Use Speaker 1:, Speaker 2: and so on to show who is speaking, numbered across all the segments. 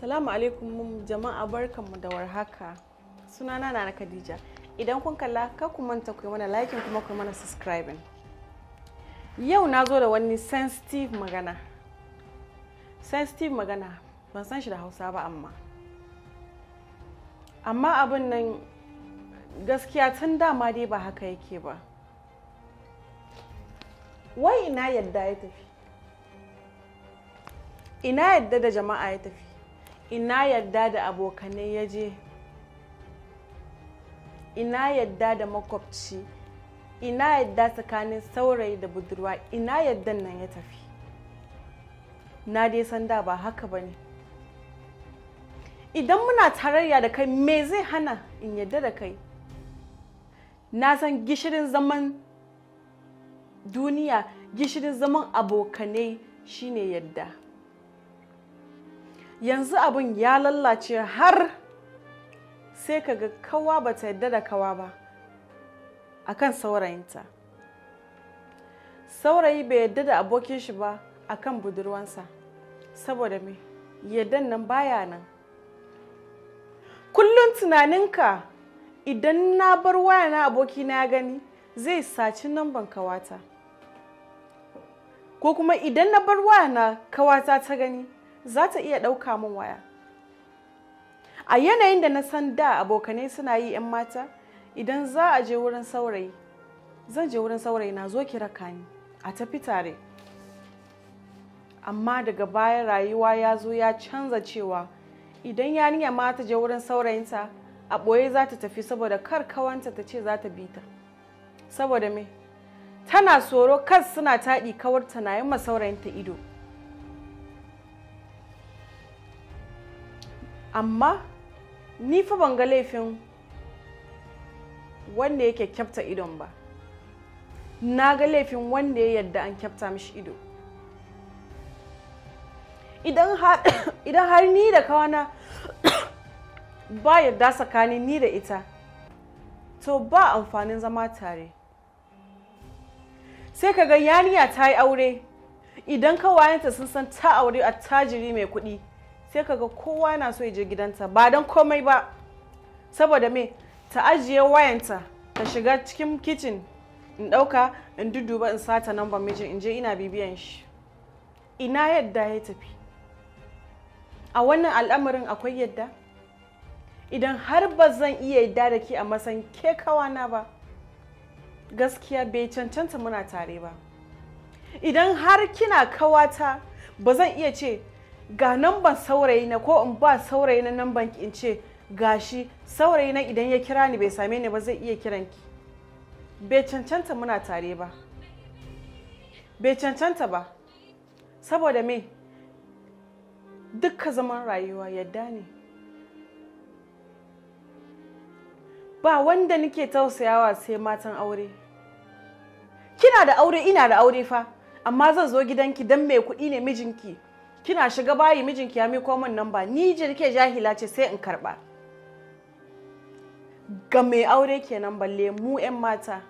Speaker 1: Salamu alaikum jama'a barkanmu da warhaka. Sunana na na Khadija. Idan kun kalla ka ku manta ku mana like kuma ku mana subscribing. Yau na zo da wani sensitive magana. Sensitive magana ban san shi da Hausa ba amma. Amma abin nan gaskiya tun dama dai ba haka yake ba. Wai ina yadda ya tafi? Ina yadda da jama'a ya tafi? ina yadda da abokanai ya je ina yadda da makwabci ina yadda tsakanin saurayi da budurwa ina yadda nan ya tafi na dai san da ba haka ba ne idan muna tarayya da kai me zai hana in yadda da kai na san gishirin zaman duniya gishirin zaman abokanai shine yadda yanzu abin ya lallace har sai ka ga kawa ba ta yadda da kawa ba a kan saurayinta saurayi bai yadda da abokin shi ba a kan budurwansa saboda me yaddan nan baya nan kullum tunaninka idan na bar waya na abokina ya gani zai saci namban kawata ko kuma idan na bar waya na kawata ta gani za ta iya ɗauka min waya a yanayin da na san da abokanai suna yi 'yan mata idan za a je wurin saurayi zan je wurin saurayi na zo ki raka ni a tafi tare amma daga baya rayuwa ya zo ya canza cewa idan yarinya ma ta je wurin saurayinta a ɓoye za ta tafi saboda kar kawanta ta ce za ta bi ta saboda me tana tsoro kar suna taɗi kawarta na yi masaurayinta ido amma ni fa ban ga laifin wanda yake kyafta idon ba na ga laifin wanda ya yadda an kyafta mishi ido idan har ni da kawana ba yadda tsakanin ni da ita to ba amfanin zama tare sai ka ga yaniya ta yi aure idan kawayenta sun san ta aure a tajiri mai kuɗi sai kaga kowa na so ya je gidanta ba don komai ba saboda me ta ajiye wayanta ta shiga cikin kicin in ɗauka in duduba in sata namba mijin in je ina bibiyan shi ina yadda ya tafi a wannan al'amarin akwai yadda idan har ba zan iya yadda da ke a matsayin ke kawana ba gaskiya bai cancanta muna tare ba idan har kina kawata ba zan iya ce ga namban saurayi na ko in ba saurayi na namban in ce gashi saurayi na idan ya kira ni bai same ni ba zai iya kiran ki bai cancanta muna tare ba bai cancanta ba saboda me dukka zaman rayuwa yadda ne ba wanda nike tausayawa sai matan aure kina da aure ina da aure fa amma zan zo gidanki don mai kuɗi ne mijinki kina shiga bayi mijinki ya mi nan ba, ni jirke jahila ce sai in karba ga mai aure kenan balle mu 'yan mata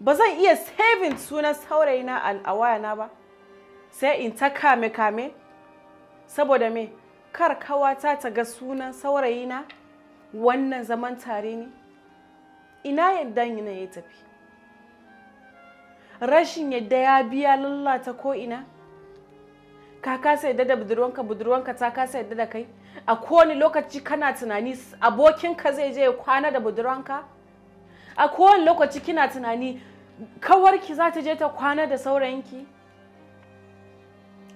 Speaker 1: ba zan iya saving sunan saurayina a wayana ba sai in ta kame kame saboda me kar kawata ta ga sunan saurayina wannan zaman tare ne ina yadda yana ya tafi rashin yadda ya biya lallata ko ina ka kasa yadda da budurwanka budurwanka ta kasa yadda da kai a kowane lokaci kana tunani abokinka zai je kwana da budurwanka a kowane lokaci kina tunani kawarki za ta je ta kwana da saurayinki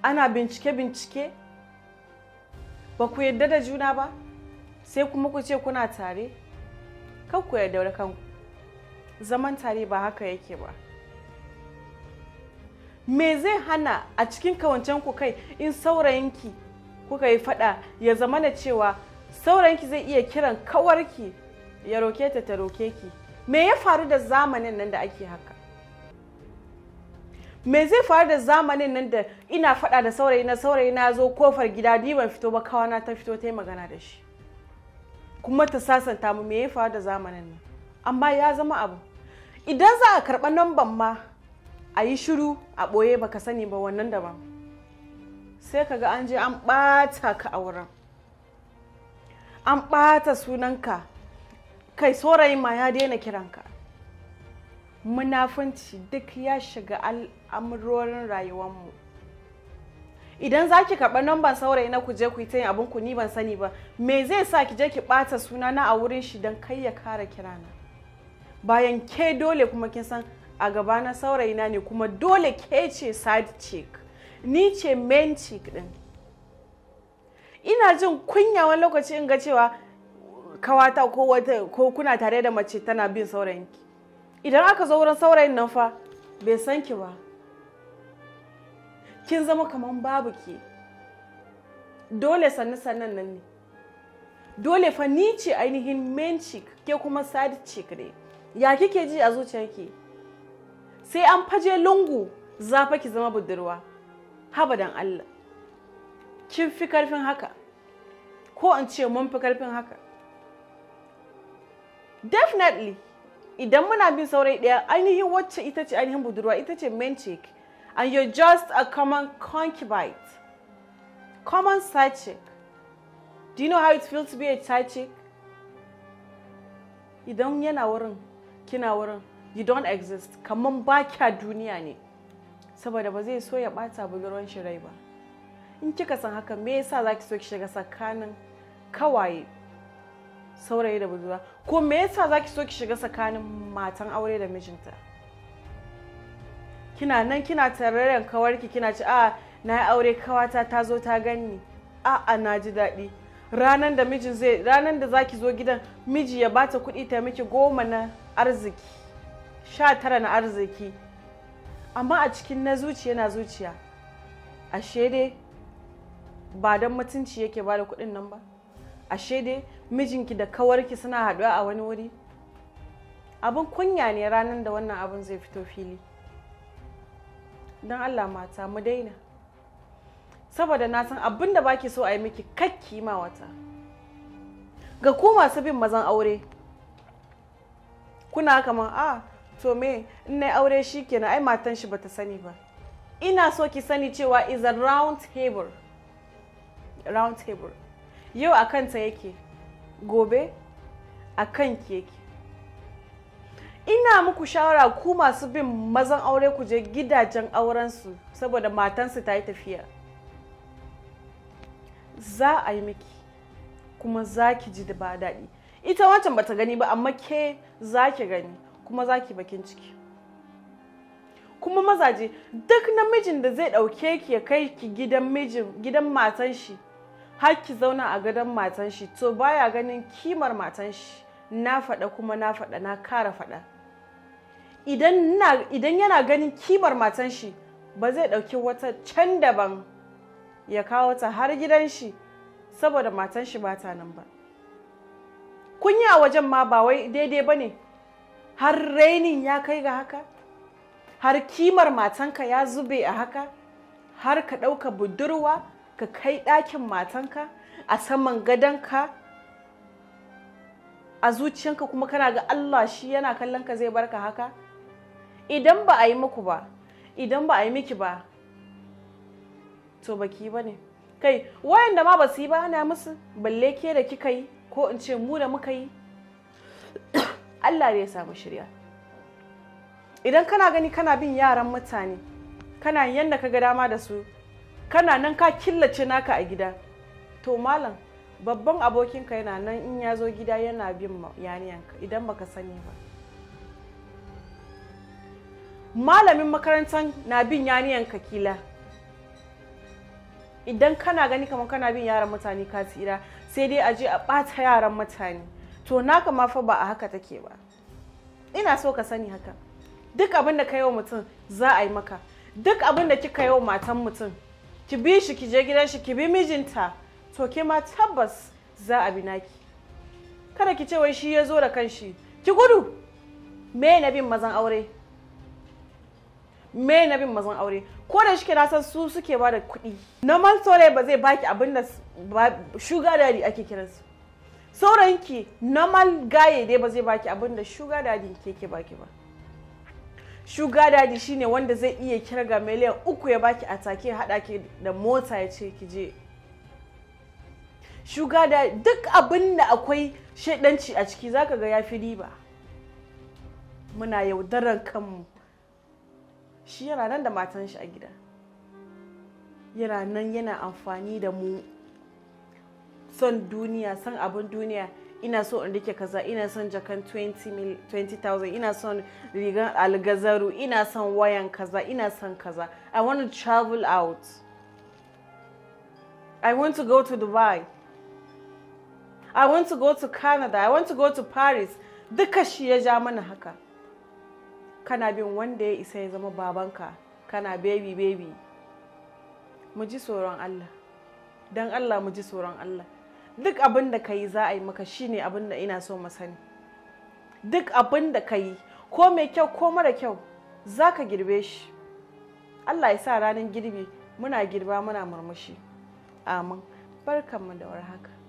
Speaker 1: ana bincike-bincike ba ku yadda da juna ba sai kuma ku ce kuna tare kan ku yarda kanku zaman tare ba haka yake ba me zai hana a cikin kawancen ku kai in saurayinki kuka yi fada ya zama na cewa saurayinki zai iya kiran kawarki ya roke ta ta roke ki me ya faru da zamanin nan da ake haka me zai faru da zamanin nan da ina fada da saurayi na saurayi na zo kofar gida ni ban fito ba kawana ta fito ta yi magana da shi kuma ta sasanta mu me ya faru da zamanin nan amma ya zama abu idan za a karɓa namban ma a yi shiru a ɓoye baka sani ba wannan daban sai ka ga an je an ɓata ka auren an ɓata sunanka kai saurayin ma ya daina kiranka munafunci duk ya shiga al'amurorin rayuwanmu idan za ki karɓar namban saurayi na ku je ku yi ta yin abin ku ni ban sani ba me zai sa ki je ki ɓata suna na a wurin shi don kai ya kara kirana bayan ke dole kuma kin san a gaba na saurayina ne kuma dole ke ce side chick ni ce main chick din ina jin kunya wani lokaci in ga cewa kawata ko wata ko kuna tare da mace tana bin saurayinki idan aka zo wurin saurayin nan fa bai san ki ba kin zama kaman babu ke dole sannu sannan nan ne dole fa ni ce ainihin main chick ke kuma side chick ne ya kike ji a zuciyarki sai an faje lungu za fa ki zama budurwa Haba dan Allah kin fi karfin haka ko in ce mun fi karfin haka definitely idan muna bin saurayi daya ainihin wacce ita ce ainihin budurwa ita ce main chick and you're just a common concubine common side chick do you know how it feels to be a side chick idan yana wurin kina wurin you don't exist kamar ba kya duniya ne saboda ba zai so ya bata ruwan shi rai ba in kika san haka me yasa zaki so ki shiga tsakanin kawaye saurayi da budurwa ko me yasa zaki so ki shiga tsakanin matan aure da mijinta kina nan kina tararen kawarki kina ci a ah, na yi aure kawata ta zo ta ganni a a na ji daɗi ranan da mijin zai ranan da zaki zo gidan miji ya bata kuɗi ta miki goma na arziki sha tara na arziki amma a cikin na zuciya na zuciya ashe dai ba don mutunci yake ba da kuɗin nan ba ashe dai mijinki da kawarki suna haɗuwa a wani wuri abin kunya ne ranar da wannan abin zai fito fili don allah mata mu daina saboda na san abin da baki so a yi miki kakki ma wata ga ku masu bin mazan aure kuna kamar a ah, to me in na aure shi kenan ai matan shi bata sani ba ina so ki sani cewa is a round table round table yau a kanta yake gobe a kan yake ina muku shawara ku masu bin mazan aure ku je gidajen aurensu saboda matansu ta yi tafiya za a yi miki kuma za ki ji da ba daɗi ita wancan bata gani ba amma ke za ki gani kuma za ki bakin ciki kuma mazaje duk namijin da zai ɗauke ki ya kai ki gidan matan shi har ki zauna a gadon matan shi to baya ganin kimar matan shi na faɗa kuma na faɗa na kara faɗa idan yana ganin kimar matan shi ba zai ɗauki wata can daban ya kawo ta har gidan shi saboda matan shi ba ta nan ba kunya wajen ma ba wai daidai ba ne har rainin ya kai ga haka har kimar matanka ya zube a haka har ka ɗauka budurwa ka kai ɗakin matanka a saman gadonka a zuciyanka kuma kana ga Allah shi yana kallon ka zai barka haka idan ba a yi muku ba idan ba a yi miki ba to baki ba ne kai wayanda ma ba su yi ba ana musu balle ke da kika yi ko in ce mu da muka yi Allah ne ya samu shirya idan kana gani kana bin yaran mutane kana yanda ka ga dama da su kana nan ka killace naka a gida to malam babban abokinka yana nan in ya zo gida yana bin yaniyanka idan baka sani ba malamin makarantar na bin yaniyanka kila idan kana gani kamar kana bin yaran mutane ka tsira sai dai a je a ɓata yaran mutane to naka ma fa ba a haka take ba ina so ka sani haka duk abin da ka yi wa mutum za a yi maka duk abin da kika yi wa matan mutum ki bi shi ki je gidan shi ki bi mijinta to ke ma tabbas za a bi naki kada ki ce wai shi ya zo da kanshi ki gudu me na bin mazan aure me na bin mazan aure ko da shi na san su suke ba da kuɗi na sore ba zai baki abin da sugar dari ake kiransu sauranki normal gaye dai ba zai baki abinda shuga dadi keke baki ba shuga dadi shine wanda zai iya kirga miliyan uku ya baki a take hada ki da mota ya ce ki je shuga da duk abinda akwai shaidanci a ciki zaka ga ya fi riba muna yaudarar kanmu shi yana nan da matan shi a gida yana nan yana amfani da mu son duniya son abin duniya ina so in rike kaza ina son jakan 20,000 ina son rigan algazaru ina son wayan kaza ina son kaza i want to travel out i want to go to dubai i want to go to canada i want to go to paris duka shi ya ja mana haka kana bin wanda ya isa ya zama babanka kana baby baby mu ji tsoron allah don allah mu ji tsoron allah duk abin da ka yi za a yi maka shine abin da ina so sani duk abin da ka yi ko mai kyau ko mara kyau za ka girbe shi allah ya sa ranar girbi muna girba muna murmushi amin barkanmu da warhaka